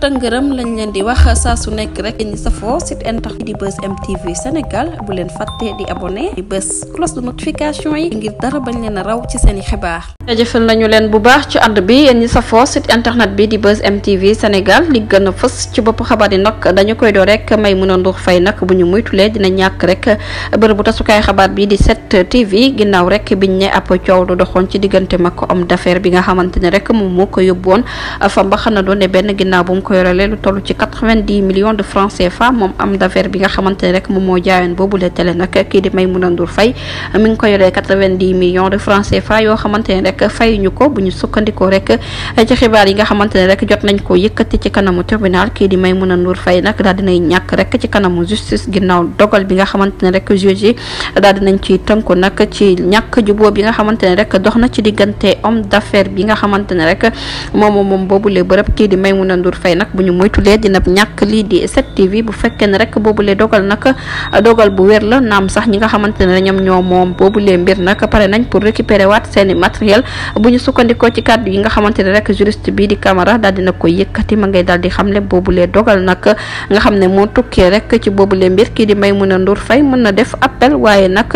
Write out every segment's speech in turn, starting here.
tëngërëm lañ leen di wax saa su nekk rek ñi safoo site internet di bus mtv Senegal bu leen fàtte di abonné di bës cloche de notification yi ngir dara bañ leen a raw ci seen i xibaar jëfal nañu leen bu baax ci ànd bi safoo site internet bi di bus mtv Senegal li gën a fës ci bopp xabaar yi nag dañu koy doo rek may mën a nduur fay nag bu ñu muytulee dina ñàkk rek bërëb bu tasukaay xabaar bi di set tv ginnaaw rek biñ ne ab coow di doxoon ci diggante mag ko homme d'affaires bi nga xamante ne rek moom moo ko fa mbaxana ne benn ginnaaw bu ko yorale lu toll ci quatre vingt de francs CFA moom am d'affaire bi nga xamante rek moom moom boobu le bërëb kii di Maimouna Ndour Faye nag bu ñu moytulee dina ñàkk lii di 7TV bu fekkee ne rek boobule dogal nag dogal bu wér la naam sax ñi nga xamante ne ñoom ñoo moom boobulee mbir nag pare nañ pour récupérer waat seeni matériel bu ñu sukkandikoo ci kàddu yi nga xamante ne rek juriste bii di Camara daal dina ko yëkkati ma ngay daal di xamle boobulee dogal nag nga xam ne moo tukkee rek ci boobulee mbir kii di Maimouna Ndour Faye mën na def appel waaye nag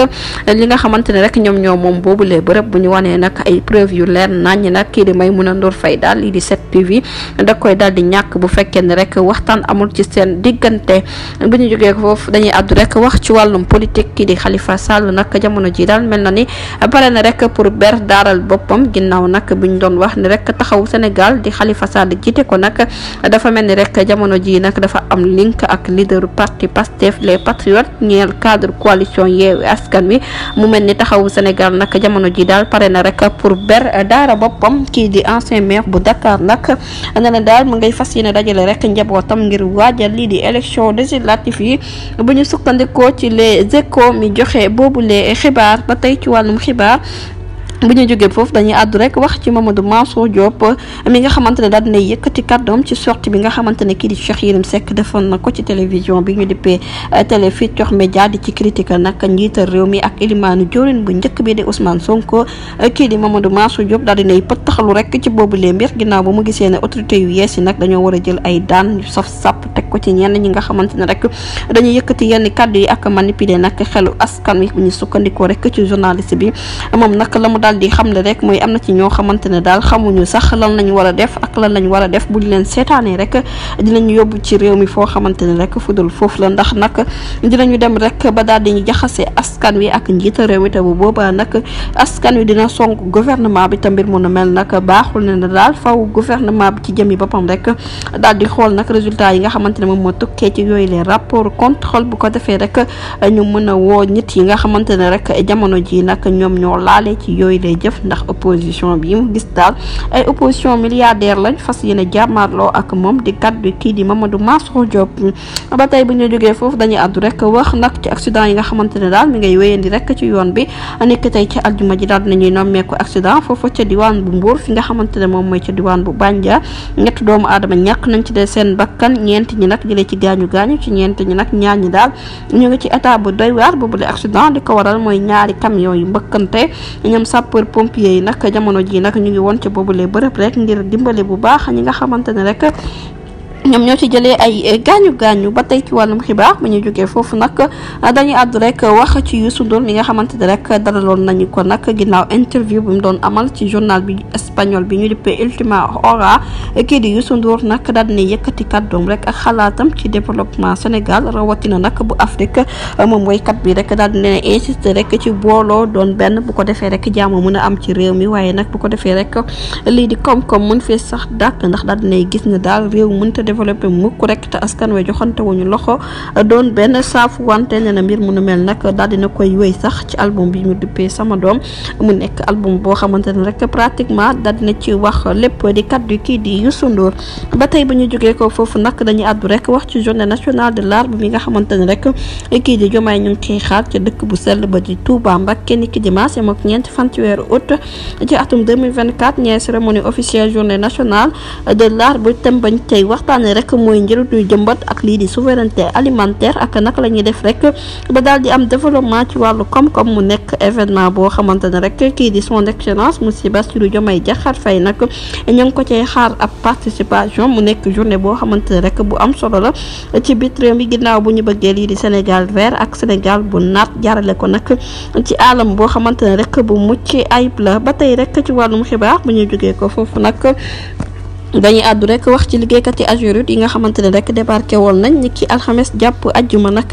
li nga xamante ne rek ñoom ñoo moom boobulee bërëb bu ñu wanee nag ay preuve yu leer nañ nag kii di Maimouna Ndour Faye daal lii di 7TV da koy daal di ñàkk nekk bu fekkee ne rek waxtaan amul ci seen diggante bu ñu jógee foofu dañuy àddu rek wax ci wàllum politique ki di xalifa Sall nag jamono ji daal mel na ni pare na rek pour ber daaral boppam ginnaaw nag bu ñu doon wax ni rek taxaw Sénégal di Khalifa Sall jiite ko nag dafa mel ni rek jamono ji nag dafa am link ak lideru parti Pastef les patriotes ñeel cadre coalition Yewwi Askan Wi mu mel ni taxawu senegal nag jamono ji daal pare na rek pour ber daara boppam kii di ancien maire bu Dakar nag ne na daal mu ngay fas yéen a dajale rek njabootam ngir waajal lii di élection législative yi bu ñu sukkandikoo ci les échos mi joxe boobu le xibaar ba tey ci wàllum xibaar bu ñu jógee foofu dañuy àddu rek wax ci Mamadou Mansour Diop mi nga xamante ne daal yëkkati yëkkati kàddoom ci sortie bi nga xamante ne kii di Cheikh Yérim sekk defoon na ko ci télévision bi ñu dippee eh, télé Futurs Médias di ci critique nag njiital réew mi ak ilimaanu jorin bu njëkk bi di Ousmane Sonko eh, kii di Mamadou Mansour Diop nay dinay pëttaxlu rek ci boobu lee mbir ginnaaw ba mu gisee ne autorité yu yees yi nag dañoo war a jël ay daan yu saf sàpp ko ci ñenn ñi nga xamante ne rek dañuy yëkkati yenn kàddu yi ak manipuler nag xelu askan wi bu ñu sukkandikoo rek ci journaliste bi moom nag la mu daal di xamle rek mooy am na ci ñoo xamante ne daal xamuñu sax lan lañ war a def ak lan lañ war a def bu ñu leen seetaanee rek dinañ yóbbu ci réew mi foo xamante ne rek fudul foofu la ndax nag dinañu dem rek ba daal di ñu jaxase askan wi ak njiita réew mi te bu boobaa nag askan wi dina sonk gouvernement bi te mbir mu mel nag baaxul ne daal faw gouvernement bi ci boppam rek ne moom moo tukkee ci yooyu rapport contrôle bu ko defee rek euh, ñu mën a woo nit yi nga xamante ne rek jamono ji nag ñoom ñoo laale ci yooyu lay jëf ndax opposition bi mu gis daal ay opposition milliardaire lañ fas yéene jàmmaarloo moom di kaddu kii di Mamadou Mansour Diop ba tey bu ñu jógee foofu dañuy àddu rek wax nag ci accident yi nga xamante ne daal mu ngay wéyandi rek ci yoon bi nekk tey ci aljuma ji daal dinañuy nommeeku accident foofu ca diwaan bu Mbour fi nga xamante ne moom mooy ca diwaan bu Bandia ñett doomu aadama ñàkk nañ ci de seen bakkan ñeent ñi nag jëlee ci gaañu gaañu ci ñeent ñi nag ñaar ñi daal ñu ngi ci état bu doy waar boobu le accident di ko waral mooy ñaari camion yu mbëkkante ñoom sapeur pompier yi nag jamono ji nag ñu ngi woon ci boobu le bërëb rek ngir dimbale bu baax ñi nga xamante ne rek ñoom ñoo ci jëlee ay gaañu gaañu ba tey ci wàllum xibaar bu ñu jógee foofu nag dañuy àddu rek wax ci Youssou Ndour mi nga xamante ne rek dalaloon nañu ko nag ginnaaw interview bu mu doon amal ci journal bi espagnol bi ñu dippee Ultima Hora kii di Youssou Ndour nag daal dina yëkkati kàddoom rek ak xalaatam ci développement Sénégal rawatina nag bu Afrique moom woykat bi rek daal ne insister rek ci booloo doon benn bu ko defee rek jàmm mën a am ci réew mi waaye nag bu ko defee rek lii di koom-koom mën fee sax dàkk ndax daal dinay gis ne daal réew mënta développé mukk rek te askan wi joxante wuñu loxo doon benn saafu wante na mbir mu nu mel nag daal dina koy wéy sax ci album bi ñu duppee sama doom mu nekk album boo xamante ne rek pratiquement daal na ci wax lépp di kaddu kii di Youssou Ndour ba tey ba ñu jógee ko foofu nag dañu àddu rek wax ci journée nationale de l'arbre bi nga xamante ne rek kii di Diomaye ñu ngi xaar ci dëkk bu sell ba di Touba Mbacké ni ki dimanche mook ñeenti fan ci weeru août ci atum 2024 ñee cérémonie officielle journée ne rek mooy njël ñuy jëmbat ak lii di souveraineté alimentaire ak naka la ñuy def rek ba daal di am développement ci wàllu koom-koom mu nekk événement boo xamante ne rek kii di son excellence monsieur Bassirou Diomaye Diakhar Faye nag ña ngi ko cay xar ab participation mu nekk journée boo xamante ne rek bu am solo la ci bit réew mi ginnaaw bu ñu bëggee lii di Sénégal vert ak Sénégal bu naat jaarale ko nag ci alam boo xamante ne rek bu mucc ayib la ba tey rek ci wàllum xibaar bu ñu jógee ko foofu nag dañuy àddu rek wax ci liggéeykat yi AGEROUTE yi nga xamante ne rek débarqué woon nañ ni ki alxames jàpp ajjuma nag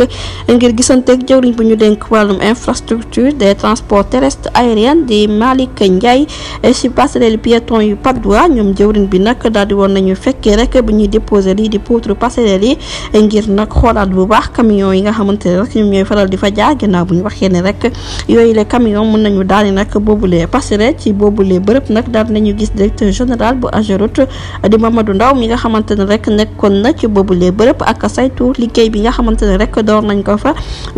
ngir gisanteeg jëwriñ bu ñu denk wàllum infrastructure des transports terrestres aériens di Malick Ndiaye si passerelle piéton yu Patte d'Oie ñoom jëwriñ bi nag daal di woon nañu fekkee rek bu ñuy déposé lii di poutre passerelle yi ngir nag xoolaat bu baax camion yi nga xamante ne rek ñoom ñooy faral di fa jaar gannaaw bu ñu waxee ne rek yooyu le camion mën nañu daal di nag boobulee passerelle ci boobulee bërëb nag daal nañu gis directeur général bu AGEROUTE di Mamadou Ndaw mi nga xamante ne rek nekkoon na ci boobulee bërëb ak saytu liggéey bi nga xamante ne rek door nañ ko fa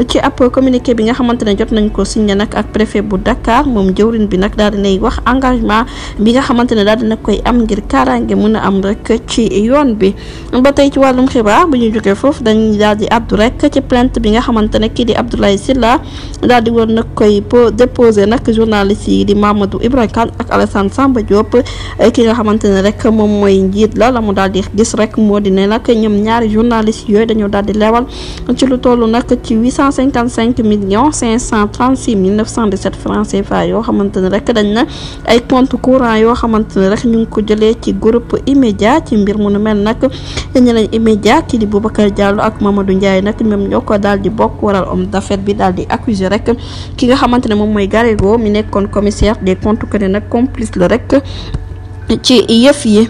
ci ab communiqué bi nga xamante ne jot nañ ko signé nag ak préfet bu Dakar moom jëwrin bi nag daal wax engagement bi nga xamante ne koy am ngir kaaraange mën a am rek ci yoon bi ba tey ci wàllum xibaar bu ñu jógee foofu dañ daal di addu rek ci plainte bi nga xamante ne kii di Abdoulaye Sylla daal di war nag koy déposé nag journaliste yi di Mamadou Ibra Kane ak Alassane Samba Diop ki nga xamante ne moom mooy njiit la la mu daal di gis rek moo di ne nag ñoom ñaari journaliste yooyu dañoo daal di leewal ci lu toll nag ci 855 millions 536 mille 917 francs CFA yoo xamante ne rek dañ na ay compte courant yoo xamante ne rek ñu ngi ko jëlee ci groupe immédiat ci mbir mu nu mel nag ñeneen lañ immédiat kii di Boubacar Diallo ak Mamadou Ndiaye nag ñoom ñoo ko daal di bokk waral homme d'affaires bi daal di accuser rek ki nga xamante ne moom mooy Garego mi nekkoon commissaire des comptes que nag complice la rek ci yëf yi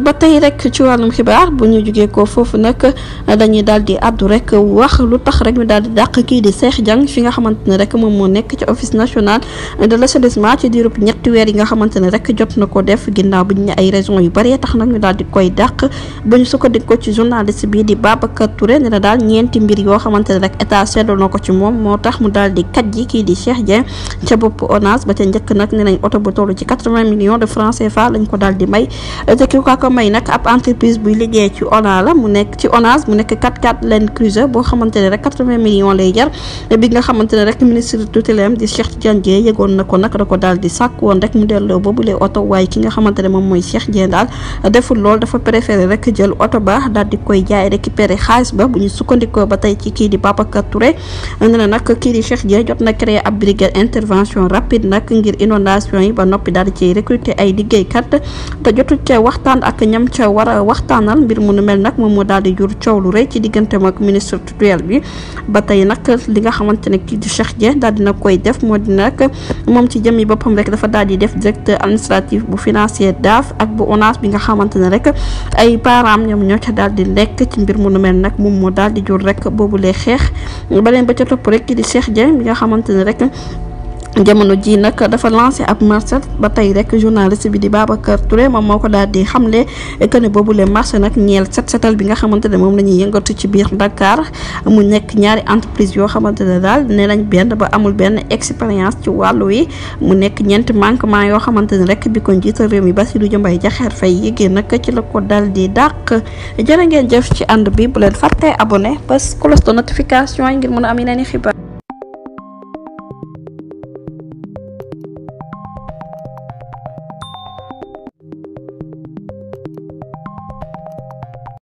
ba tey rek ci wàllum xibaar bu ñu jugee ko foofu nag dañuy daal di àddu rek wax lu tax rek ñu daal di dàq kii di Cheikh Dieng fi nga xamante ne rek moom moo nekk ci office national de l'assainissement ñetti weer yi nga xamante ne rek na ko def ginnaaw bi ñu ay raison yu bari tax nag ñu daal di koy dàq ba ñu sukkandikoo ci journaliste bii di Babacar Touré ne na daal ñeenti mbir yoo xamante ne rek état seetlu na ko ci moom moo tax mu daal di kat ji kii di Cheikh Dieng ca bopp ONAS ba ca njëkk nag ne nañ oto bu toll ci 80 millions de francs CFA lañ ko di may te ki ko may nag ab entreprise buy liggéey ci ONA la mu nekk ci ONAS mu nekk 4x4 Land boo xamante ne rek 80 millions bi nga xamante ne rek ministre di Cheikh Tidiane Dièye yëgoon na ko da di sàkk woon rek mu delloo boobulee oto waaye ki nga xamante ne moom mooy Cheikh daal deful lool dafa préféré rek jël oto ba daal di koy jaay récupéré xaalis ba bu ñu sukkandikoo ba tey ci kii di Babacar Touré ne na kii di Cheikh te jotu ca waxtaan ak ñam ca war a waxtaanal mbir mu nu mel nag moom moo daal di jur coow lu ci digganteem ak ministre tutelle bi ba tey nag li nga xamante ne kii di Cheikh Dieng daal dina koy def moo di nag moom ci jëmmi boppam rek dafa daal di def directeur administratif bu financier DAF ak bu ONAS bi nga xamante ne rek ay parents ñoom ñoo ca daal di lekk ci mbir mu nu mel moo daal di jur rek boobu lee xeex beneen ba ca topp rek kii di Cheikh Dieng bi nga xamante ne rek. jamono ji nag dafa lancé ab marché ba tey rek journaliste bi di Babacar Touré moom moo ko daal di xamle le ne boobule marché nag ñeel set setal bi nga xamante ne moom la ñuy yëngatu ci biir Dakar mu nekk ñaari entreprise yoo xamante ne daal ne nañ benn ba amul benn expérience ci wàllu wi mu nekk ñeenti manquement yoo xamante ne rek bi ko njiital réew mi Bassirou Diomaye Diakhar Faye yéegee nag ci la ko daal di dàq jërë ngeen jëf ci and bi bu leen fàttee abonné parce que cloche de notification yi ngir mën am yeneen i xibaar